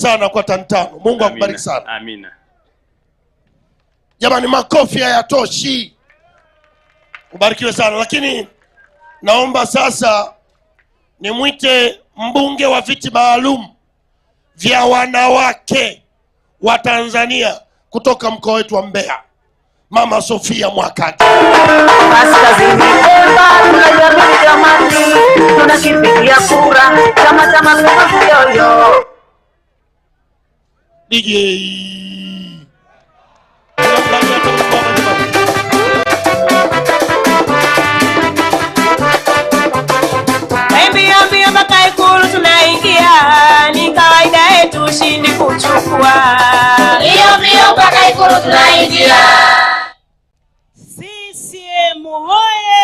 sana kwa tantano. Mungu akubariki sana. Amina. Jamani, makofi hayatoshi. Ubarikiwe sana lakini, naomba sasa nimwite mbunge wa viti maalum vya wanawake wa Tanzania kutoka mkoa wetu wa Mbeya, Mama Sofia Mwakati. Tunashipigia kura Chama cha Mapinduzi yoyo ninguém. Embiambia kaikulu tunaingia, ni kawaida yetu ushindi kuchukua. Mbio mbio mpaka ikulu tunaingia. CCM hoye!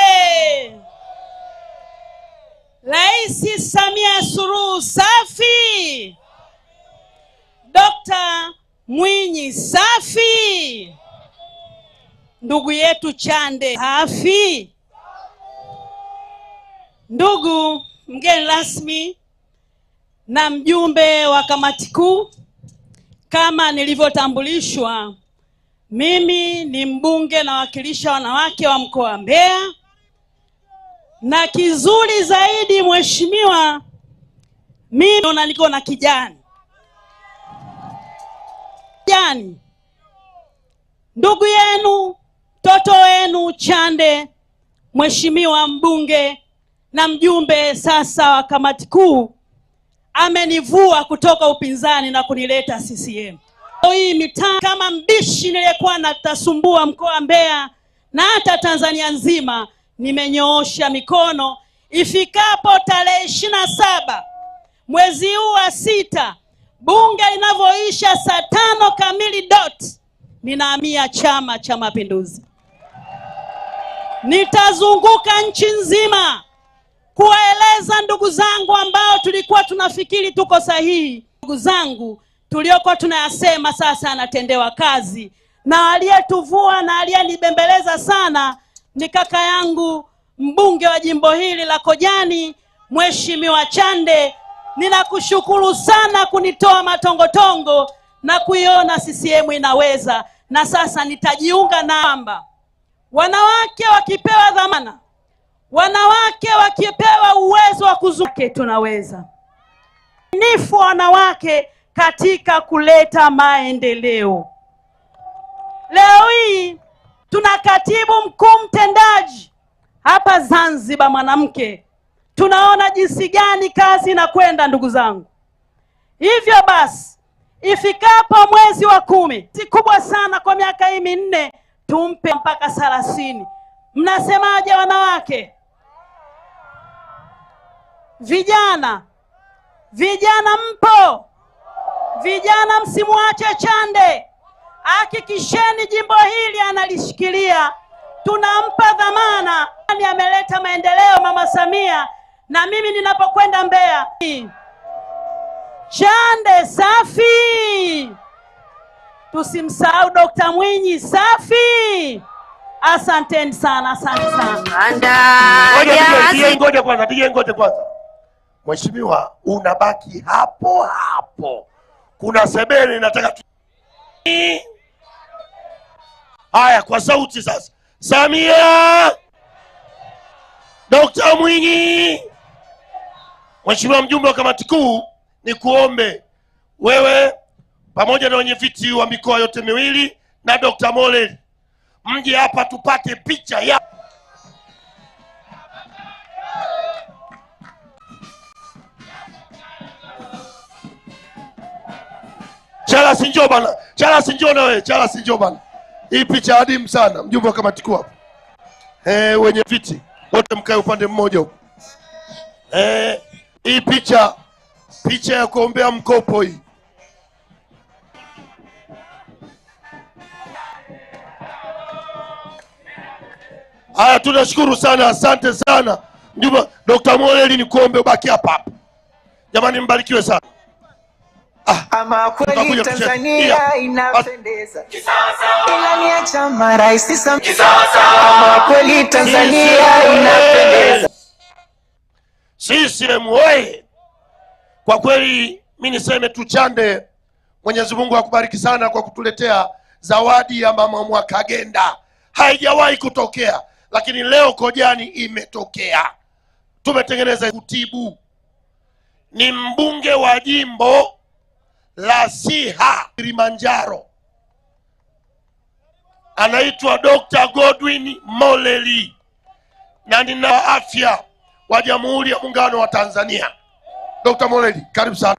Rais Samia suru Safi Dkt. Mwinyi safi, ndugu yetu Chande safi. Ndugu mgeni rasmi na mjumbe wa kamati kuu, kama nilivyotambulishwa, mimi ni mbunge nawakilisha wanawake wa mkoa wa Mbeya, na kizuri zaidi mheshimiwa, mimi niko na kijana jani ndugu yenu mtoto wenu Chande, mheshimiwa mbunge na mjumbe sasa wa kamati kuu, amenivua kutoka upinzani na kunileta CCM. Hii mitaa kama mbishi niliyekuwa natasumbua mkoa Mbeya na hata Tanzania nzima, nimenyoosha mikono ifikapo tarehe ishirina saba mwezi huu wa sita bunge linavyoisha saa tano kamili dot, ninahamia Chama cha Mapinduzi. Nitazunguka nchi nzima kuwaeleza ndugu zangu ambao tulikuwa tunafikiri tuko sahihi. Ndugu zangu, tuliokuwa tunayasema sasa anatendewa kazi, na aliyetuvua na aliyenibembeleza sana ni kaka yangu mbunge wa jimbo hili la Kojani, Mheshimiwa Chande ninakushukuru sana kunitoa matongotongo na kuiona CCM inaweza, na sasa nitajiunga na kwamba wanawake wakipewa dhamana, wanawake wakipewa uwezo wa kuzuke, tunaweza nifu wanawake katika kuleta maendeleo. Leo hii tuna katibu mkuu mtendaji hapa Zanzibar mwanamke Tunaona jinsi gani kazi inakwenda, ndugu zangu. Hivyo basi, ifikapo mwezi wa kumi, si kubwa sana kwa miaka hii minne, tumpe mpaka thelathini. Mnasemaje wanawake? Vijana, vijana mpo? Vijana msimwache Chande, hakikisheni jimbo hili analishikilia. Tunampa dhamana, yaani ameleta maendeleo Mama Samia na mimi ninapokwenda Mbeya. Chande safi, tusimsahau Dokta Mwinyi safi. Asanteni sana, asante sana. Ngoja kwanza, pige ngoja kwanza. Mheshimiwa, unabaki hapo hapo, kuna sebele nataka tu... Haya, kwa sauti sasa. Samia, Dokta Mwinyi Mheshimiwa mjumbe wa kamati kuu, ni kuombe wewe pamoja na wenyeviti wa mikoa yote miwili na Dr. Mole mje hapa tupate picha ya Chala sinjo bana. Chala sinjo na wewe, Chala sinjo bana. Hii picha adimu sana, mjumbe wa kamati kuu hapa. Eh, wenye viti wote mkae upande mmoja huko. Eh, hii picha picha ya kuombea mkopo hii. Haya, tunashukuru sana, asante sana mjumbe Dr. moreli ni kuombe ubaki hapa hapa. Jamani, mbarikiwe sana. Ah, ama kweli Tanzania inapendeza, Ila ilani ya chama rais, ama kweli Tanzania inapendeza. CCM oye! Kwa kweli mi niseme tu Chande, Mwenyezi Mungu akubariki sana kwa kutuletea zawadi ya mama agenda, Haijawahi kutokea, lakini leo Kojani imetokea. Tumetengeneza kutibu, ni mbunge wa jimbo la Siha Kilimanjaro, anaitwa Dr. Godwin Moleli na nina afya wa Jamhuri ya Muungano wa Tanzania. Dr. Moledi, karibu sana.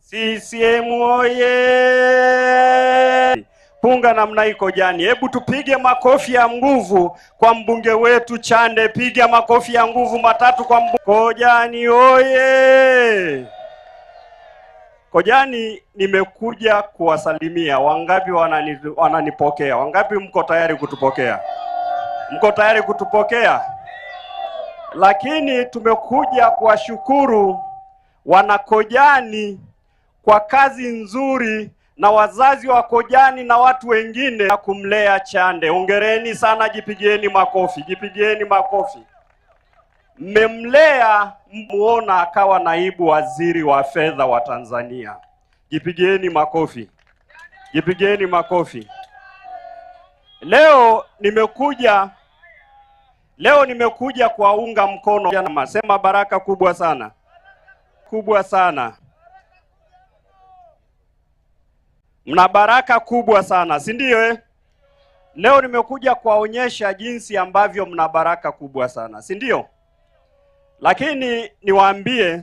CCM oye! Punga namna iko jani, hebu tupige makofi ya nguvu kwa mbunge wetu Chande. Piga makofi ya nguvu matatu kwa mbunge Kojani oye! Hojani nimekuja kuwasalimia. Wangapi wanani, wananipokea? Wangapi mko tayari kutupokea? Mko tayari kutupokea? Lakini tumekuja kuwashukuru wanakojani kwa kazi nzuri na wazazi wa Kojani na watu wengine na kumlea Chande. Ongereni sana, jipigieni makofi, jipigieni makofi mmemlea muona akawa naibu waziri wa fedha wa Tanzania. Jipigieni makofi, jipigieni makofi. Leo nimekuja leo nimekuja kuwaunga mkono, nasema baraka kubwa sana kubwa sana, mna baraka kubwa sana, si ndio eh? Leo nimekuja kuwaonyesha jinsi ambavyo mna baraka kubwa sana, si ndio? Lakini niwaambie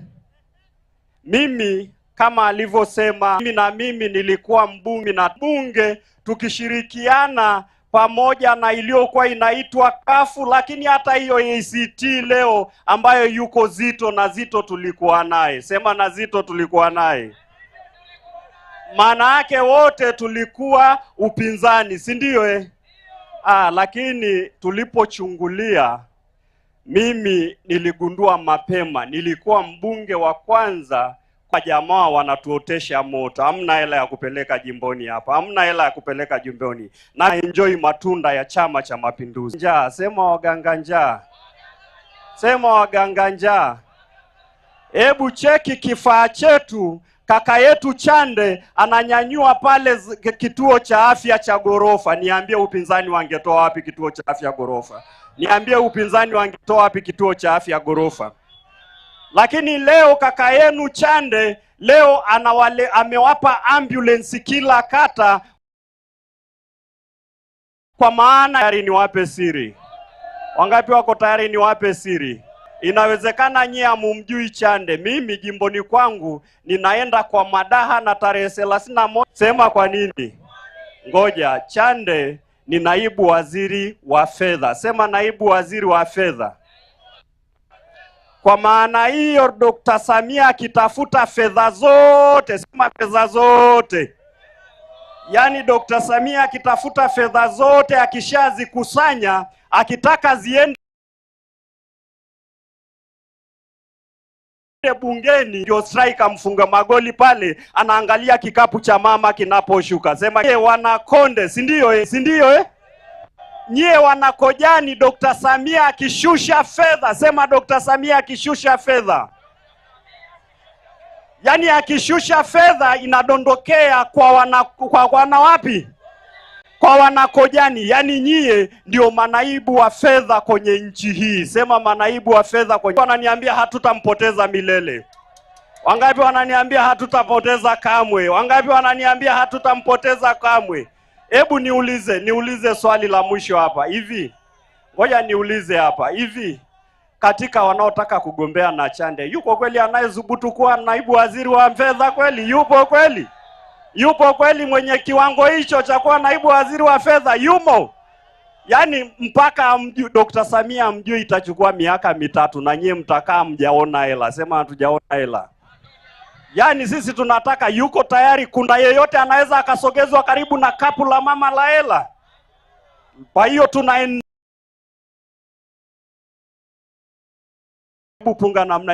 mimi, kama alivyosema, mimi na mimi nilikuwa mbunge na bunge tukishirikiana pamoja na iliyokuwa inaitwa kafu, lakini hata hiyo ACT leo ambayo yuko Zito na Zito tulikuwa naye, sema na Zito tulikuwa naye. Maana yake wote tulikuwa upinzani, si ndio? Eh, ah, lakini tulipochungulia mimi niligundua mapema, nilikuwa mbunge wa kwanza kwa jamaa wanatuotesha moto. Hamna hela ya kupeleka jimboni hapa, hamna hela ya kupeleka jimboni, na enjoy matunda ya Chama cha Mapinduzi. Njaa sema waganga njaa, sema waganga njaa. Hebu cheki kifaa chetu, kaka yetu Chande ananyanyua pale kituo cha afya cha ghorofa. Niambie upinzani wangetoa wapi kituo cha afya ghorofa? Niambie upinzani wangetoa wapi kituo cha afya ghorofa? Lakini leo kaka yenu Chande leo anawale, amewapa ambulance kila kata. Kwa maana tayari niwape siri, wangapi wako tayari niwape siri? Inawezekana nyie hamumjui Chande. Mimi jimboni kwangu ninaenda kwa madaha na tarehe thelathini na moja. Sema kwa nini? Ngoja Chande ni naibu waziri wa fedha. Sema naibu waziri wa fedha. Kwa maana hiyo, Dr. Samia akitafuta fedha zote, sema fedha zote, yaani Dr. Samia akitafuta fedha zote, akishazikusanya, akitaka ziende bungeni ndio striker mfunga magoli pale anaangalia kikapu cha mama kinaposhuka. Sema ye wana Konde, si ndio eh? Si ndio eh? Nyie wanakojani, Dr. Samia akishusha fedha, sema Dr. Samia akishusha fedha, yaani akishusha fedha inadondokea kwa wana, kwa wana wapi? kwa wanakojani, yani nyie ndio manaibu wa fedha kwenye nchi hii. Sema manaibu wa fedha kwenye... wananiambia hatutampoteza milele. Wangapi wananiambia hatutapoteza kamwe? Wangapi wananiambia hatutampoteza kamwe? Hebu niulize, niulize swali la mwisho hapa hivi, ngoja niulize hapa hivi, katika wanaotaka kugombea na Chande, yuko kweli anayethubutu kuwa naibu waziri wa fedha kweli? Yupo kweli? Yupo kweli mwenye kiwango hicho cha kuwa naibu waziri wa fedha? Yumo? Yaani mpaka mju Dr. Samia mjui itachukua miaka mitatu na nyie mtakaa mjaona hela. Sema hatujaona hela. Yaani sisi tunataka yuko tayari, kuna yeyote anaweza akasogezwa karibu na kapu la mama la hela? Kwa hiyo tuna punga namna